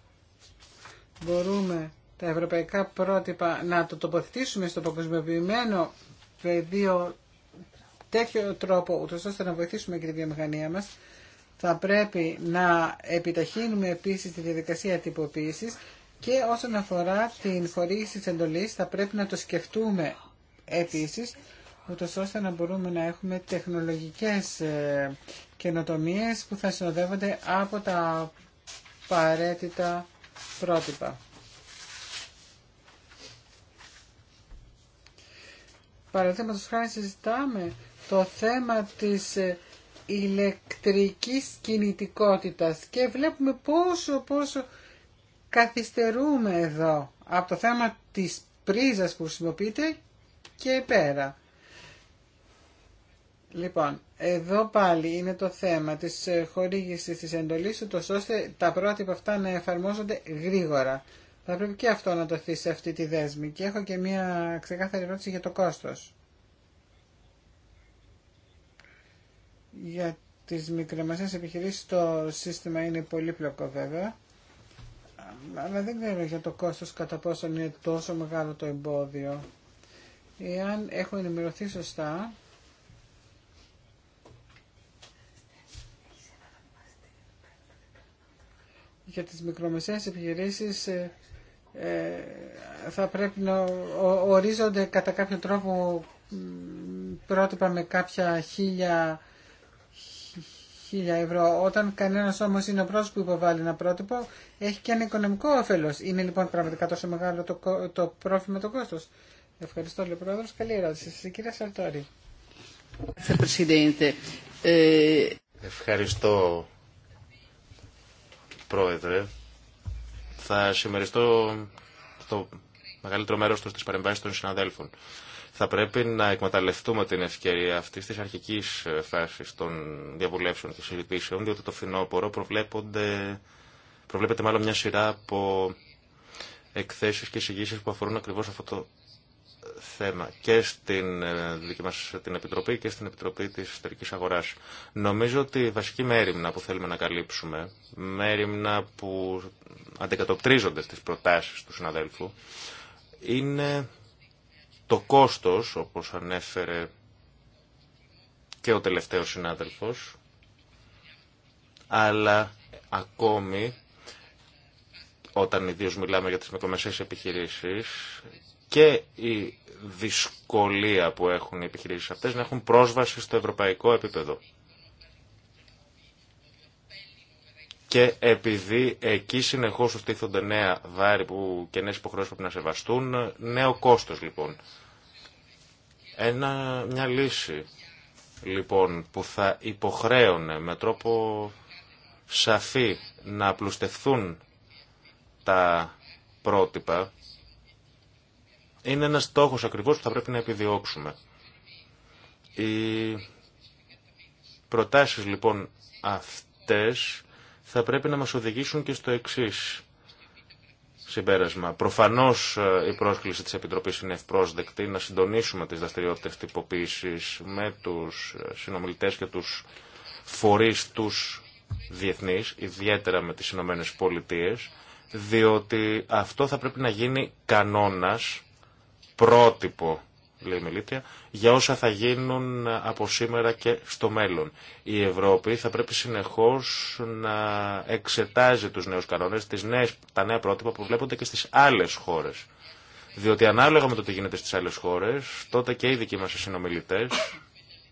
μπορούμε τα ευρωπαϊκά πρότυπα να το τοποθετήσουμε στο παγκοσμιοποιημένο πεδίο τέτοιο τρόπο, ούτως ώστε να βοηθήσουμε και τη βιομηχανία μας, θα πρέπει να επιταχύνουμε επίσης τη διαδικασία τυποποίησης και όσον αφορά την χορήγηση της εντολής θα πρέπει να το σκεφτούμε επίσης, ούτως ώστε να μπορούμε να έχουμε τεχνολογικές ε, καινοτομίες που θα συνοδεύονται από τα απαραίτητα πρότυπα. Παραδείγματος χάρη συζητάμε το θέμα της ε, ηλεκτρικής κινητικότητας και βλέπουμε πόσο πόσο καθυστερούμε εδώ από το θέμα της πρίζας που χρησιμοποιείται και πέρα. Λοιπόν, εδώ πάλι είναι το θέμα της ε, χορήγησης της εντολής, ούτως ώστε τα πρότυπα αυτά να εφαρμόζονται γρήγορα. Θα πρέπει και αυτό να το σε αυτή τη δέσμη. Και έχω και μια ξεκάθαρη ερώτηση για το κόστος. Για τις μικρομεσαίες επιχειρήσεις το σύστημα είναι πολύπλοκο βέβαια. Αλλά δεν ξέρω για το κόστος κατά πόσο είναι τόσο μεγάλο το εμπόδιο. Εάν έχω ενημερωθεί σωστά, για τις μικρομεσαίες επιχειρήσεις ε, ε, θα πρέπει να ορίζονται κατά κάποιο τρόπο πρότυπα με κάποια χίλια, χίλια ευρώ. Όταν κανένας όμως είναι ο πρόσωπος που υποβάλλει ένα πρότυπο έχει και ένα οικονομικό όφελος. Είναι λοιπόν πραγματικά τόσο μεγάλο το, το πρόβλημα το κόστος. Ευχαριστώ λέει πρόεδρος. Καλή ερώτηση. κυρία Σαρτόρη. Ευχαριστώ Πρόεδρε. Θα συμμεριστώ το μεγαλύτερο μέρος του στι παρεμβάσει των συναδέλφων. Θα πρέπει να εκμεταλλευτούμε την ευκαιρία αυτή τη αρχική φάση των διαβουλεύσεων και συζητήσεων, διότι το φθινόπωρο προβλέπεται μάλλον μια σειρά από εκθέσει και εισηγήσει που αφορούν ακριβώ αυτό το θέμα και στην ε, δική μας την Επιτροπή και στην Επιτροπή της Ιστορικής Αγοράς. Νομίζω ότι η βασική μέρημνα που θέλουμε να καλύψουμε, μέρημνα που αντικατοπτρίζονται στις προτάσεις του συναδέλφου, είναι το κόστος, όπως ανέφερε και ο τελευταίος συνάδελφος, αλλά ακόμη όταν ιδίω μιλάμε για τις μικρομεσαίες επιχειρήσεις και η δυσκολία που έχουν οι επιχειρήσεις αυτές να έχουν πρόσβαση στο ευρωπαϊκό επίπεδο. Και επειδή εκεί συνεχώς νέα βάρη που και νέες υποχρεώσεις πρέπει να σεβαστούν, νέο κόστος λοιπόν. Ένα, μια λύση λοιπόν που θα υποχρέωνε με τρόπο σαφή να απλουστευθούν τα πρότυπα είναι ένας στόχος ακριβώς που θα πρέπει να επιδιώξουμε. Οι προτάσεις λοιπόν αυτές θα πρέπει να μας οδηγήσουν και στο εξής συμπέρασμα. Προφανώς ε, η πρόσκληση της Επιτροπής είναι ευπρόσδεκτη να συντονίσουμε τις δραστηριότητες τυποποίησης με τους ε, συνομιλητές και τους φορείς τους διεθνείς, ιδιαίτερα με τις Ηνωμένε Πολιτείες, διότι αυτό θα πρέπει να γίνει κανόνας πρότυπο, λέει η για όσα θα γίνουν από σήμερα και στο μέλλον. Η Ευρώπη θα πρέπει συνεχώς να εξετάζει τους νέους κανόνες, τις νέες, τα νέα πρότυπα που βλέπονται και στις άλλες χώρες. Διότι ανάλογα με το τι γίνεται στις άλλες χώρες, τότε και οι δικοί μας συνομιλητές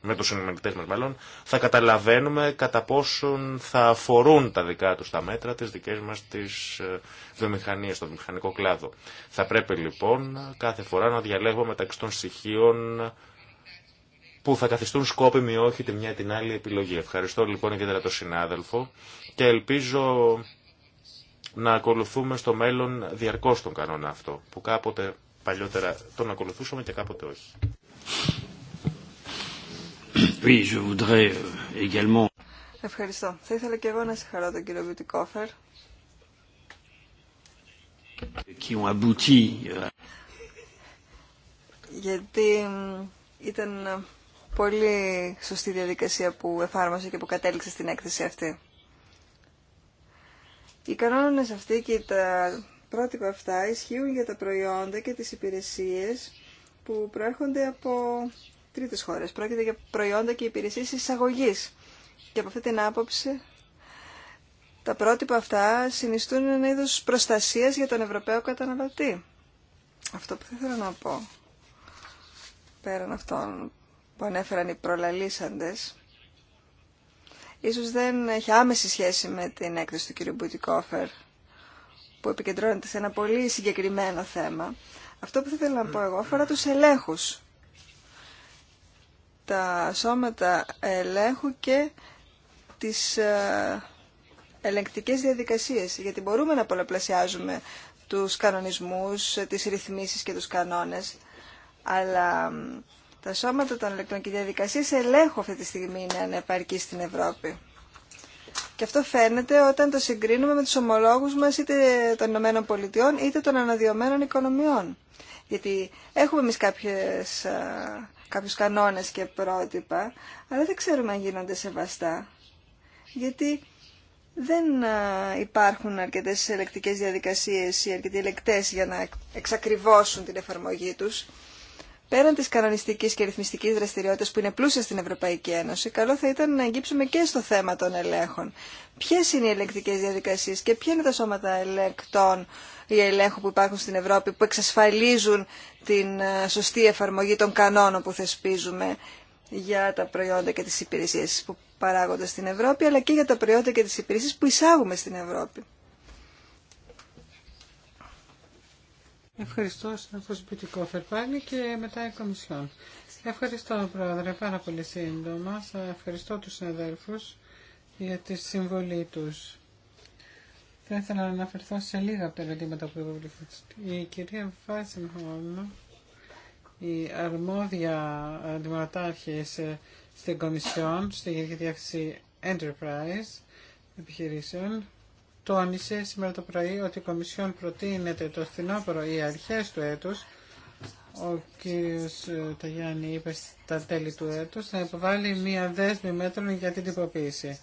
με τους συνομιλητές μας μάλλον, θα καταλαβαίνουμε κατά πόσον θα αφορούν τα δικά τους τα μέτρα τις δικές μας τις ε, βιομηχανίες, το μηχανικό κλάδο. Θα πρέπει λοιπόν κάθε φορά να διαλέγουμε μεταξύ των στοιχείων που θα καθιστούν σκόπιμη ή όχι τη μια ή την άλλη επιλογή. Ευχαριστώ λοιπόν ιδιαίτερα τον συνάδελφο και ελπίζω να ακολουθούμε στο μέλλον διαρκώς τον κανόνα αυτό, που κάποτε παλιότερα τον ακολουθούσαμε και κάποτε όχι. Euh, Ευχαριστώ. Θα ήθελα και εγώ να συγχαρώ τον κύριο Μπιουτικόφερ. Euh- Γιατί ήταν ε, πολύ σωστή διαδικασία που εφάρμοσε και που κατέληξε στην έκθεση αυτή. Οι κανόνες αυτοί και τα πρότυπα αυτά ισχύουν για τα προϊόντα και τις υπηρεσίες που προέρχονται από τρίτη χώρες. Πρόκειται για προϊόντα και υπηρεσίες εισαγωγή Και από αυτή την άποψη τα πρότυπα αυτά συνιστούν ένα είδο προστασίας για τον Ευρωπαίο καταναλωτή. Αυτό που θα ήθελα να πω, πέραν αυτών που ανέφεραν οι προλαλήσαντες, ίσως δεν έχει άμεση σχέση με την έκθεση του κ. Μπουτικόφερ, που επικεντρώνεται σε ένα πολύ συγκεκριμένο θέμα. Αυτό που θα ήθελα να πω εγώ αφορά τους ελέγχους τα σώματα ελέγχου και τις ε, ελεγκτικές διαδικασίες, γιατί μπορούμε να πολλαπλασιάζουμε τους κανονισμούς, τις ρυθμίσεις και τους κανόνες, αλλά τα σώματα των ελεγκτικών διαδικασίες ελέγχου αυτή τη στιγμή είναι ανεπαρκή στην Ευρώπη. Και αυτό φαίνεται όταν το συγκρίνουμε με τους ομολόγους μας είτε των Ηνωμένων Πολιτειών είτε των αναδειωμένων οικονομιών. Γιατί έχουμε εμεί κάποιου κανόνε και πρότυπα, αλλά δεν ξέρουμε αν γίνονται σεβαστά. Γιατί δεν υπάρχουν αρκετέ ελεκτικέ διαδικασίε ή αρκετοί ελεκτέ για να εξακριβώσουν την εφαρμογή του. Πέραν τη κανονιστική και ρυθμιστική δραστηριότητα που είναι πλούσια στην Ευρωπαϊκή Ένωση, καλό θα ήταν να εγγύψουμε και στο θέμα των ελέγχων. Ποιε είναι οι ελεκτικέ διαδικασίε και ποια είναι τα σώματα ελεκτών για ελέγχου που υπάρχουν στην Ευρώπη που εξασφαλίζουν την ε, σωστή εφαρμογή των κανόνων που θεσπίζουμε για τα προϊόντα και τις υπηρεσίες που παράγονται στην Ευρώπη, αλλά και για τα προϊόντα και τις υπηρεσίες που εισάγουμε στην Ευρώπη. Ευχαριστώ στον Φωσπιτικόφερ πάλι και μετά η Κομισιόν. Ευχαριστώ Πρόεδρε, πάρα πολύ σύντομα. Σας ευχαριστώ τους συναδέλφους για τη συμβολή τους. Θα ήθελα να αναφερθώ σε λίγα από τα ερωτήματα που υποβληθούν. Η κυρία Βάσενχομ, η αρμόδια αντιμετάρχη στην Κομισιόν, στη Γενική Διεύθυνση Enterprise επιχειρήσεων, τόνισε σήμερα το πρωί ότι η Κομισιόν προτείνεται το φθινόπωρο ή αρχές του έτους, ο κύριος ε, Ταγιάννη είπε στα τέλη του έτους, να υποβάλει μία δέσμη μέτρων για την τυποποίηση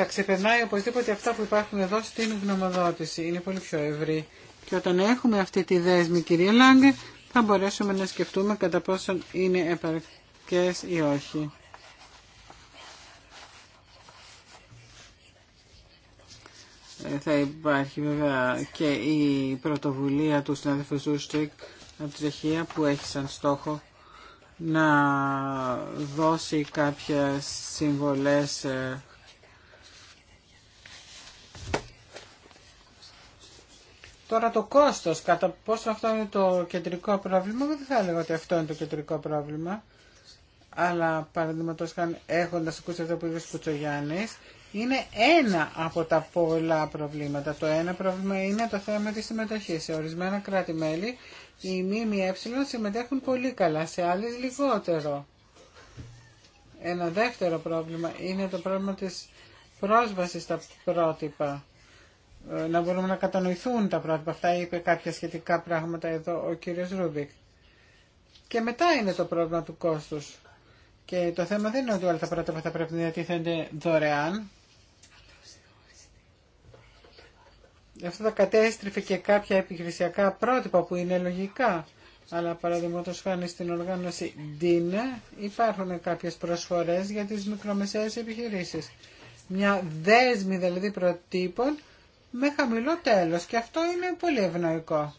θα ξεπερνάει οπωσδήποτε αυτά που υπάρχουν εδώ στην γνωμοδότηση. Είναι πολύ πιο ευρύ. Και όταν έχουμε αυτή τη δέσμη, κυρία Λάγκε, θα μπορέσουμε να σκεφτούμε κατά πόσον είναι επαρκές ή όχι. Ε, θα υπάρχει βέβαια και η πρωτοβουλία του συνάδελφου Ζούστρικ από τη Τσεχία που έχει σαν στόχο να δώσει κάποιες συμβολές ε, Τώρα το κόστος, κατά πόσο αυτό είναι το κεντρικό πρόβλημα, δεν θα έλεγα ότι αυτό είναι το κεντρικό πρόβλημα. Αλλά παραδείγματο χάρη έχοντα ακούσει αυτό που είπε ο Κουτσογιάννη, είναι ένα από τα πολλά προβλήματα. Το ένα πρόβλημα είναι το θέμα τη συμμετοχή. Σε ορισμένα κράτη-μέλη οι ΜΜΕ συμμετέχουν πολύ καλά, σε άλλε λιγότερο. Ένα δεύτερο πρόβλημα είναι το πρόβλημα της πρόσβασης στα πρότυπα. Ε, να μπορούμε να κατανοηθούν τα πρότυπα αυτά. Είπε κάποια σχετικά πράγματα εδώ ο κύριος Ρούμπικ. Και μετά είναι το πρόβλημα του κόστους. Και το θέμα δεν είναι ότι όλα τα πρότυπα θα πρέπει να διατίθενται δωρεάν. Αυτό θα κατέστρεφε και κάποια επιχειρησιακά πρότυπα που είναι λογικά. Αλλά παραδείγματο χάνει στην οργάνωση DIN υπάρχουν κάποιες προσφορές για τις μικρομεσαίες επιχειρήσεις. Μια δέσμη δηλαδή προτύπων με χαμηλό τέλος και αυτό είναι πολύ ευνοϊκό.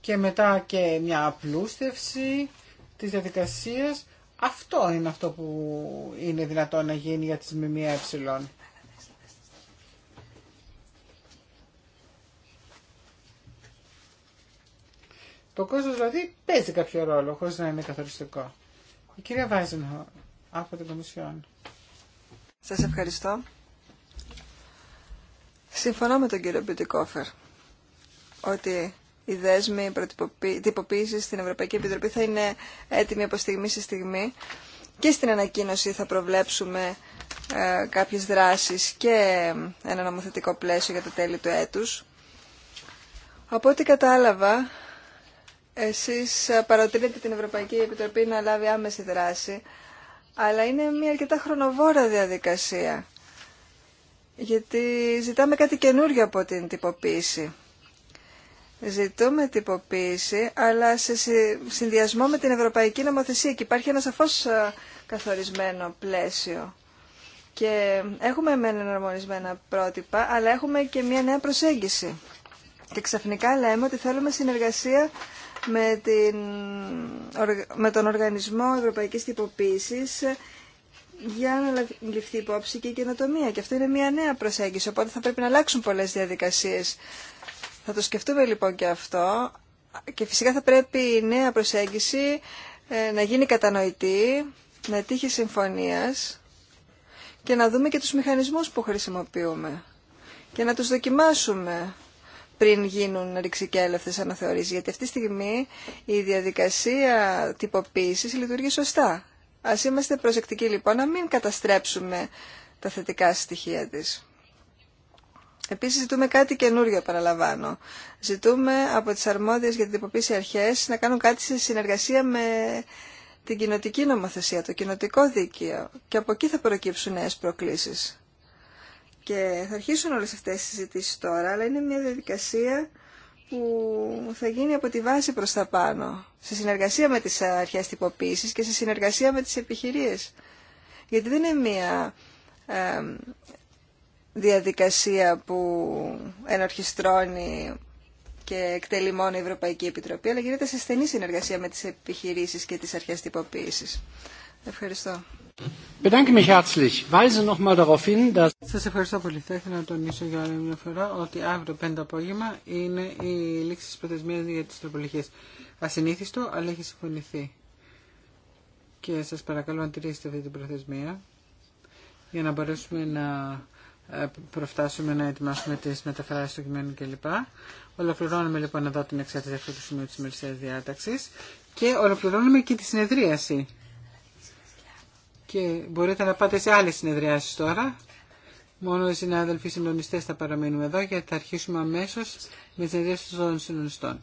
Και μετά και μια απλούστευση της διαδικασίας. Αυτό είναι αυτό που είναι δυνατόν να γίνει για τις ΜΜΕ. Το κόστος δηλαδή παίζει κάποιο ρόλο, χωρίς να είναι καθοριστικό. Η κυρία είναι από την Κομισιόν. Σας ευχαριστώ. Συμφωνώ με τον κύριο Μπιουτικόφερ ότι οι δέσμοι τυποποίηση στην Ευρωπαϊκή Επιτροπή θα είναι έτοιμοι από στιγμή σε στιγμή και στην ανακοίνωση θα προβλέψουμε ε, κάποιες δράσεις και ένα νομοθετικό πλαίσιο για το τέλη του έτους. Από ό,τι κατάλαβα, εσείς παροτρύνετε την Ευρωπαϊκή Επιτροπή να λάβει άμεση δράση, αλλά είναι μια αρκετά χρονοβόρα διαδικασία γιατί ζητάμε κάτι καινούριο από την τυποποίηση. Ζητούμε τυποποίηση, αλλά σε συνδυασμό με την Ευρωπαϊκή Νομοθεσία και υπάρχει ένα σαφώς καθορισμένο πλαίσιο. Και έχουμε μεν εναρμονισμένα πρότυπα, αλλά έχουμε και μια νέα προσέγγιση. Και ξαφνικά λέμε ότι θέλουμε συνεργασία με, την, με τον Οργανισμό Ευρωπαϊκής Τυποποίησης για να ληφθεί υπόψη και η καινοτομία. Και αυτό είναι μια νέα προσέγγιση, οπότε θα πρέπει να αλλάξουν πολλές διαδικασίες. Θα το σκεφτούμε λοιπόν και αυτό και φυσικά θα πρέπει η νέα προσέγγιση ε, να γίνει κατανοητή, να τύχει συμφωνίας και να δούμε και τους μηχανισμούς που χρησιμοποιούμε και να τους δοκιμάσουμε πριν γίνουν ρηξικέλευτες αναθεωρίες γιατί αυτή τη στιγμή η διαδικασία τυποποίησης λειτουργεί σωστά. Ας είμαστε προσεκτικοί λοιπόν να μην καταστρέψουμε τα θετικά στοιχεία της. Επίσης ζητούμε κάτι καινούριο παραλαμβάνω. Ζητούμε από τις αρμόδιες για την τυποποίηση αρχές να κάνουν κάτι σε συνεργασία με την κοινοτική νομοθεσία, το κοινοτικό δίκαιο και από εκεί θα προκύψουν νέες προκλήσεις. Και θα αρχίσουν όλες αυτές τις συζητήσεις τώρα, αλλά είναι μια διαδικασία που θα γίνει από τη βάση προς τα πάνω, σε συνεργασία με τις αρχές τυποποίησης και σε συνεργασία με τις επιχειρίες. Γιατί δεν είναι μία διαδικασία που ενορχιστρώνει και εκτελεί μόνο η Ευρωπαϊκή Επιτροπή, αλλά γίνεται σε στενή συνεργασία με τις επιχειρήσεις και τις αρχές τυποποίησης. Ευχαριστώ. Σας ευχαριστώ πολύ. Θα ήθελα να τονίσω για άλλη μια φορά ότι αύριο πέντε απόγευμα είναι η λήξη της προθεσμίας για τις τροπολογίες. Ασυνήθιστο, αλλά έχει συμφωνηθεί. Και σας παρακαλώ να τηρήσετε αυτή την προθεσμία για να μπορέσουμε να ε, προφτάσουμε να ετοιμάσουμε τις μεταφράσεις του κειμένου κλπ. Ολοκληρώνουμε λοιπόν εδώ την εξάρτηση αυτού του σημείου της διάταξης και ολοκληρώνουμε και τη συνεδρίαση και μπορείτε να πάτε σε άλλες συνεδριάσεις τώρα. Μόνο οι συνάδελφοι συντονιστές θα παραμείνουμε εδώ γιατί θα αρχίσουμε αμέσως με τις συνεδριάσεις των συντονιστών.